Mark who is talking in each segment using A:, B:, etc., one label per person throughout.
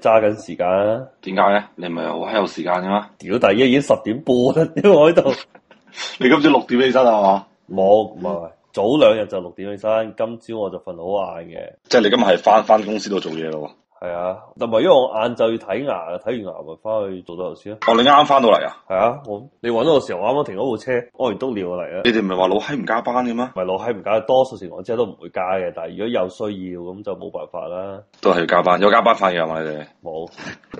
A: 揸緊時間啊！點解咧？你唔係好慳有時間嘅嘛？屌！第一已經十點半，因為我喺度。 你今朝六點起身啊？係嘛？冇，唔係早兩日就六點起身，今朝我就瞓好晏嘅。即係你今日係翻翻公司度做嘢咯？係啊，但係因為我晏晝要睇牙，睇完牙咪翻去做導遊先咯。我、哦、你啱啱翻到嚟啊？係啊，我你揾到個時候，我啱啱停咗部車，屙完督尿嚟啊！你哋唔係話老閪唔加班嘅咩？唔係老閪唔加，多數時我真係都唔會加嘅。但係如果有需要咁就冇辦法啦。都係要
B: 加班，有加班費嘅係嘛？你哋冇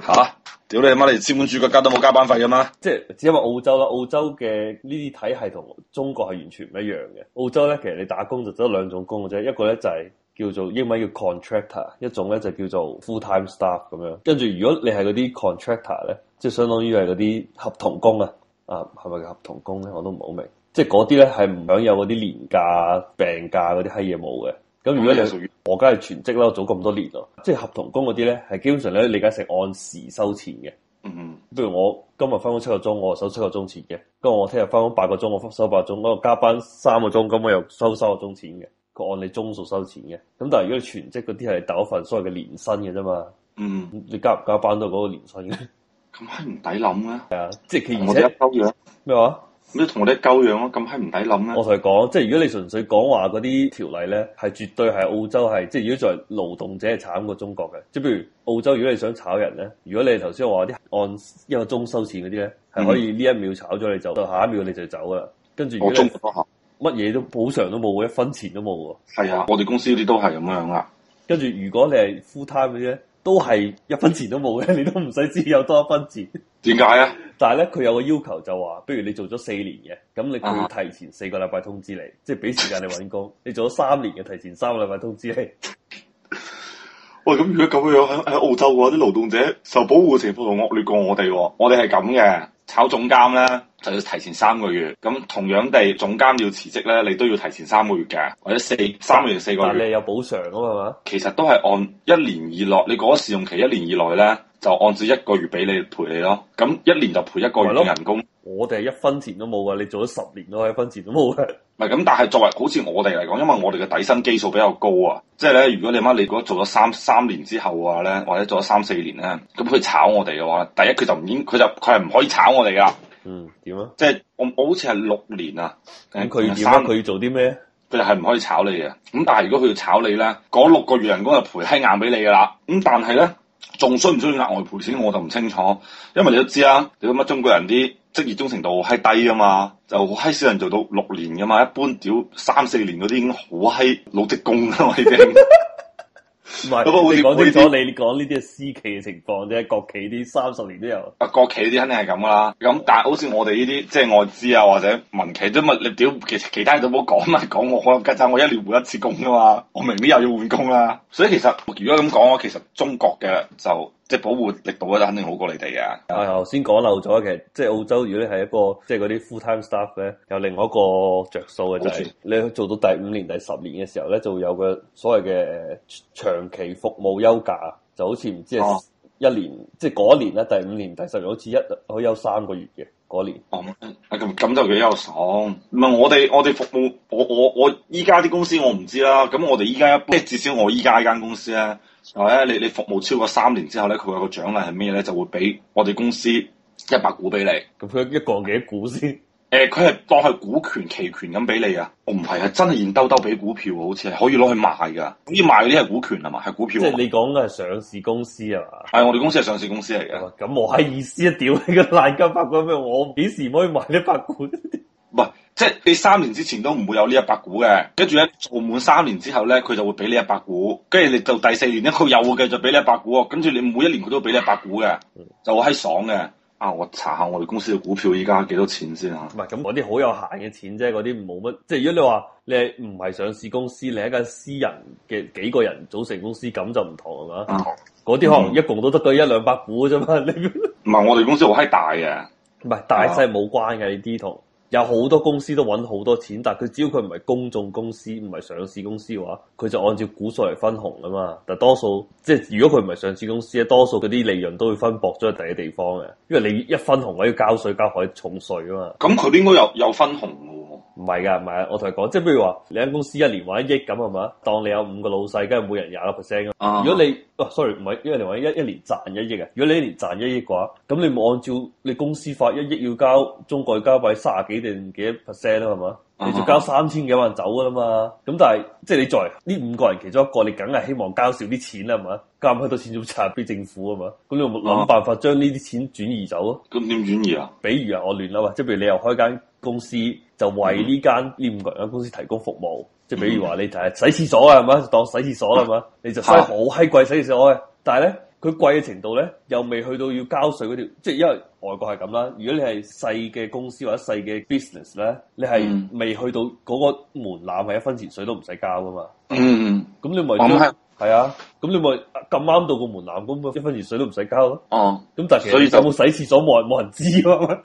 B: 吓？有啊、屌你媽！你資本主義國家都冇加班費嘅
A: 咩？即係因為澳洲啦，澳洲嘅呢啲體係同中國係完全唔一樣嘅。澳洲咧，其實你打工就得兩種工嘅啫，一個咧就係、是。叫做英文叫 contractor，一種咧就係、叫做 full time staff 咁樣。跟住如果你係嗰啲 contractor 咧，即係相當於係嗰啲合同工啊，啊係咪叫合同工咧？我都唔好明。即係嗰啲咧係唔享有嗰啲年假、病假嗰啲係嘢冇嘅。咁如果你係屬於我，梗係全職啦，我做咁多年咯，啊。即係合同工嗰啲咧，係基本上咧，理解成按時收錢嘅。嗯嗯哼。譬如我今日翻工七個鐘，我收七個鐘錢嘅。咁我聽日翻工八個鐘，我收八個鐘。我加班三個鐘，咁我又收三個鐘錢嘅。個按你鐘數收錢嘅，咁但係如果你全職嗰啲係第一份所謂嘅年薪嘅啫嘛，嗯，你加唔加班都嗰個年薪嘅，咁係唔抵諗嘅，係 啊，即係其而且咩話，你同麼我哋教養咯，咁係唔抵諗啦。我同你講，即係如果你純粹講話嗰啲條例咧，係絕對係澳洲係，即係如果作為勞動者係慘過中國嘅，即係譬如澳洲，如果你想炒人咧，如果你頭先話啲按一個鐘收錢嗰啲咧，係、嗯、可以呢一秒炒咗你就，到下一秒你就走㗎啦，跟住如果。 乜嘢都補償都冇，一分錢都冇嘅。係啊，我哋公司啲都係咁樣啦。跟住如果你係 full time 嘅，啫，都係一分錢都冇嘅，你都唔使知有多一分錢。點解啊？但係咧，佢有個要求就話，不如你做咗四年嘅，咁你佢提前四個禮拜通知你，啊、哈即係俾時間你揾工。你做咗三年嘅，提前三個禮拜通知你。 喂，咁如
B: 果咁樣喺喺澳洲嘅啲勞動者受保護嘅情況同惡劣過我哋，我哋係咁嘅。炒總監咧就要提前三個月，咁同樣地總監要辭職咧，你都要提前三個月嘅，或者四三個月四個月。但你
A: 有補償啊嘛？
B: 其實都係按一年以內，你過咗試用期一年以內咧，就按照一個月俾你賠你咯。咁一年就賠一個月嘅人工。
A: 我哋係一分錢都冇嘅，你做咗十年都係一分錢都冇嘅。 唔係咁，但係
B: 作為好似我哋嚟講，因為我哋嘅底薪基數比較高啊，即係咧，如果你乜你覺得做咗三三年之後啊，話咧，或者做咗三四年咧，咁佢炒我哋嘅話，第一佢就唔應，佢就佢係唔可以炒我哋噶。嗯，點啊？即係我我好似係六年啊。咁佢點啊？佢要，三，佢要做啲咩？佢就係唔可以炒你嘅。咁但係如果佢要炒你咧，嗰六個月人工就賠閪硬俾你噶啦。咁但係咧。仲需唔需要額外賠錢，我就唔清楚，因為你都知啦，你咁乜中國人啲職業忠誠度好低噶嘛，就好閪少人做到六年噶嘛，一般屌三四年嗰啲已經好閪老職工啦我已經 唔係，不過會講清楚你
A: 講呢啲係私企嘅情況，你係國企啲三十年都有。啊，國企啲肯定
B: 係咁噶啦。咁但係好似我哋呢啲即係外資啊，或者民企都咪你屌其其他人都冇講嘛，講我可能隔生我一年換一次工噶、啊、嘛，我明年又要換工啦、啊。所以其實如果咁講，我其實中國嘅就。即係保護力度咧，就肯
A: 定好過你哋嘅。啊，頭先講漏咗其實，即係澳洲如果你係一個即係、就、嗰、是、啲 fulltime staff 咧，有另外一個着數嘅就係、是、你做到第五年、第十年嘅時候咧，就會有個所謂嘅長期服務休假，就好似唔知係。啊一年即係嗰年咧，第五年、第十年好似一可以有三個月嘅嗰年。咁咁、嗯、就幾優爽。
B: 唔、嗯、係我哋我哋服務，我我我依家啲公司我唔知啦。咁、嗯、我哋依家一，即係至少我依家呢間公司咧，係咧你你服務超過三年之後咧，佢有個獎勵係咩咧？就會俾我哋公司一百股俾你。咁佢、嗯、一個幾股先？誒，佢係當係股權期權咁俾你啊？我唔係啊，真係現兜兜俾股票啊，好似係可以攞去賣噶。要賣嗰啲係股權啊嘛？係股票。股股票即係你講嘅係
A: 上市公司啊嘛？係，我哋公司係上市公司嚟嘅。咁我閪意思一屌你個爛金百股咩？我幾時唔可以賣呢一百股？唔
B: 係，即係你三年之前都唔會有呢一百股嘅。跟住咧，做滿三年之後咧，佢就會俾你一百股。跟住你到第四年咧，佢又會繼續俾你一百股。跟住你每一年佢都俾你一百股嘅，就好閪爽嘅。啊！我查下我哋公司嘅股票依家幾多錢先吓、啊。唔係
A: 咁，嗰啲好有限嘅錢啫，嗰啲冇乜。即係如果你話你唔係上市公司，你係一間私人嘅幾個人組成公司，咁就唔同係嘛？嗰啲、啊、可能一共都得嗰一兩、嗯、百股啫嘛。唔係、嗯、 我哋公司好閪大嘅，唔係大細冇關嘅呢啲同。啊。有好多公司都揾好多錢，但係佢只要佢唔係公眾公司、唔係上市公司嘅話，佢就按照股數嚟分紅啊嘛。但多數即係如果佢唔係上市公司咧，多數嗰啲利潤都會分薄咗去第一地方嘅，因為你一分紅我要交稅、交海重稅啊嘛。咁佢應該有有分紅。唔係噶，唔係啊！我同你講，即係譬如話你間公司一年搵一億咁，係嘛？當你有五個老細，梗係每人廿個 percent 咯。Uh huh. 如果你、哦、，sorry，唔係，因為你話一一年賺一億啊。如果你一年賺一億嘅話，咁你冇按照你公司法一億要交中國交費卅幾定幾多 percent 咯，係嘛？你就交 3,、uh huh. 三千幾萬走噶啦嘛。咁但係即係你作為呢五個人其中一個，你梗係希望交少啲錢啦，係嘛？交唔開多錢就拆俾政府啊嘛。咁你有冇諗辦法將呢啲錢轉移走啊？咁點、uh huh. 轉移啊？比如我亂啦嘛，即係譬如你又開間公司。就為呢間呢五個人嘅公司提供服務，即係比如話你睇係洗廁所啊，係嘛？當洗廁所啦，係嘛、啊？你就收好閪貴洗廁所嘅，但係咧佢貴嘅程度咧，又未去到要交稅嗰條，即係因為外國係咁啦。如果你係細嘅公司或者細嘅 business 咧，你係未去到嗰個門檻，係一分錢水都唔使交噶嘛嗯。嗯、咁、嗯、你咪咁係啊，咁你咪咁啱到個門檻，咁咪一分錢水都唔使交咯。哦、啊，咁但係所以就冇洗廁所冇人冇人知啊嘛。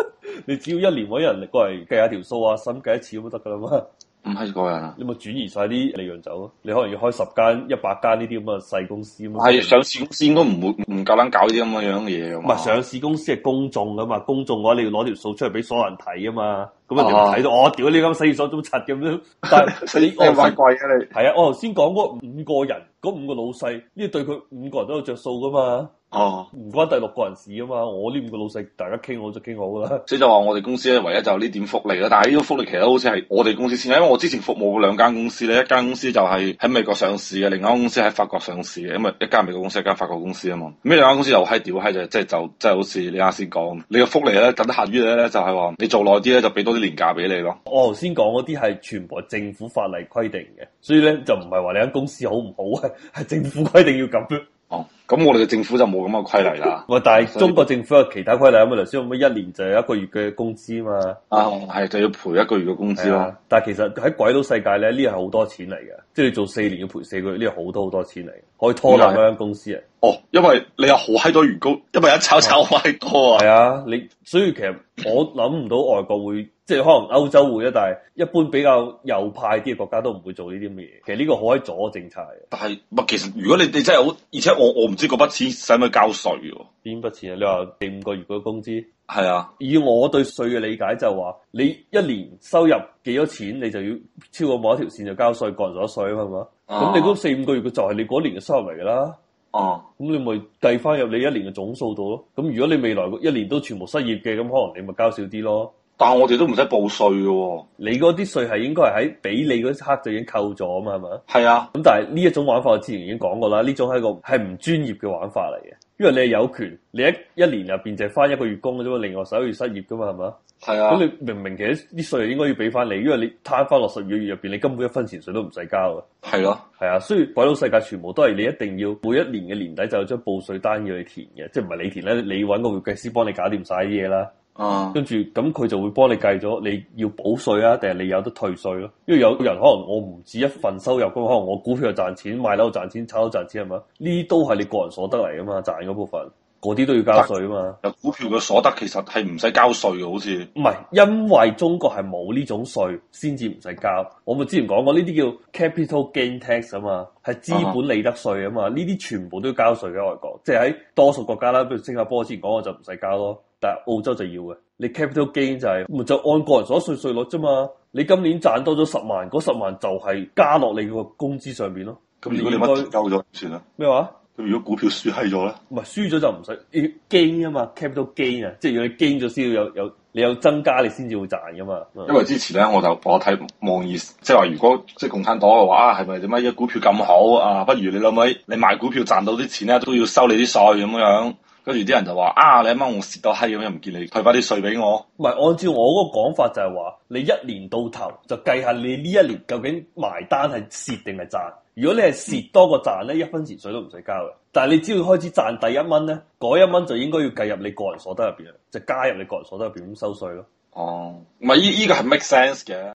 A: 你只要一年搵一人力，過嚟計下條數啊，審計一次都得噶啦嘛。唔係個人啊，你咪轉移晒啲利潤走咯。你可能要開十間、一百間呢啲咁嘅細公司。啊嘛。係上市
B: 公司應該唔會唔夠膽搞啲咁嘅樣嘢。唔係、嗯、上
A: 市公司係公眾噶嘛，公眾嘅話你要攞條數出嚟俾所有人睇啊嘛。咁啊，你睇到我屌你咁洗廁所都柒咁樣，但係你我買貴啊你。係啊，我頭先講嗰五個人。嗰五個老細，呢對佢五個人都有着數噶嘛。哦，唔關第六個人事啊嘛，我呢五個老細，大家傾好就傾好噶啦。
B: 所以就話我哋公司咧，唯一就呢點福利啦。但係呢種福利，其實好似係我哋公司先，因為我之前服務兩間公司咧，一間公司就係喺美國上市嘅，另一間公司喺法國上市嘅，因為一間美國公司，一間法國公司啊嘛。咁呢兩間公司又係屌係就即係就即係好似你啱先講，你嘅福利咧，咁限於咧就係話你做耐啲咧，就俾多啲年假俾你咯。
A: 我頭先講嗰啲係全部係政府法例規定嘅，所以咧就唔係話你間公司好唔好啊，係政府規定要咁咯。好、哦。
B: 咁我哋嘅政府就冇咁嘅規例啦。
A: 喂， 但係中國政府有其他規例，咁嘛頭先，要乜一年就有一個月嘅工資嘛？啊，係就要賠一個月嘅工資啦，啊。但係其實喺鬼佬世界咧，呢係好多錢嚟嘅，即係做四年要賠四個月，呢係好多好多錢嚟，可以拖冧嗰間公司啊！哦，因為你有好閪多員工，因為一炒炒閪多啊。係啊，你所以其實我諗唔到外國會， 即係可能歐洲會啊，但係一般比較右派啲嘅國家都唔會做呢啲咁嘅嘢。其實呢個好閪左政策但係，其實如果你哋真係好，而且我我。我唔知嗰筆錢使唔使交稅喎、啊？邊筆錢啊？你話四五個月嗰啲工資係啊？以我對稅嘅理解就係話，你一年收入幾多錢，你就要超過某一條線就交稅，個人所得稅啊嘛。咁你嗰四五個月就係你嗰年嘅收入嚟啦。哦、啊，咁你咪計翻入你一年嘅總數度咯。咁如果你未來一年都全部失業嘅，咁可能你咪交少啲咯。但係我哋都唔使報稅嘅、哦，你嗰啲稅係應該係喺俾你嗰刻就已經扣咗啊嘛，係咪？係啊，咁、嗯、但係呢一種玩法我之前已經講過啦，呢種係個係唔專業嘅玩法嚟嘅，因為你係有權，你一一年入邊就係翻一個月工嘅啫嘛，另外十一月失業噶嘛，係咪？係啊，咁你明明其實啲稅係應該要俾翻你，因為你攤翻落十二個月入邊，你根本一分錢稅都唔使交嘅，係咯、啊，係啊，所以鬼佬世界全部都係你一定要每一年嘅年底就有張報稅單要去填你填嘅，即係唔係你填咧，你搵個會計師幫你搞掂晒啲嘢啦。哦，嗯、跟住咁佢就會幫你計咗，你要補稅啊，定係你有得退稅咯、啊？因為有人可能我唔止一份收入噶嘛，可能我股票又賺錢，賣樓又賺錢，炒樓又賺錢，係嘛？呢啲都係你個人所得嚟噶嘛，賺嗰部分，嗰啲都要交稅噶嘛。有股票嘅所得其實係唔使交稅嘅，好似唔係，因為中國係冇呢種稅，先至唔使交。我咪之前講過呢啲叫 capital gain tax 啊嘛，係資本利得稅啊嘛，呢啲、嗯、全部都要交稅嘅外國，即係喺多數國家啦，譬如新加坡之前講我就唔使交咯。但澳洲就要嘅，你 capital gain 就係、是，咪就按個人所得稅稅率啫嘛。你今年賺多咗十萬，嗰十萬就係加落你個工資上邊咯。咁如果你乜
B: 交咗算啦？咩話麼？咁如果股票輸閪咗咧？
A: 唔係輸咗就唔使，要 gain 啊嘛，capital gain 啊，即係要你 gain 咗先要有有，你有增加你先至會賺噶嘛。因為之前
B: 咧，我就我睇望而，即係話如果即係共產黨嘅話，係咪點乜嘢股票咁好啊？不如你諗下，你賣股票賺到啲錢咧，都要收你啲稅咁樣。跟住啲人就話：啊，你一蚊我蝕到閪咁，又唔見你退翻啲稅俾我。
A: 唔係，按照我嗰個講法就係話，你一年到頭就計下你呢一年究竟埋單係蝕定係賺。如果你係蝕多過賺咧，一分錢稅都唔使交嘅。但係你只要開始賺第一蚊咧，嗰一蚊就應該要計入你個人所得入邊，就加入你個人所得入邊咁收稅咯。哦、嗯，
B: 唔係依依個係 make sense
A: 嘅。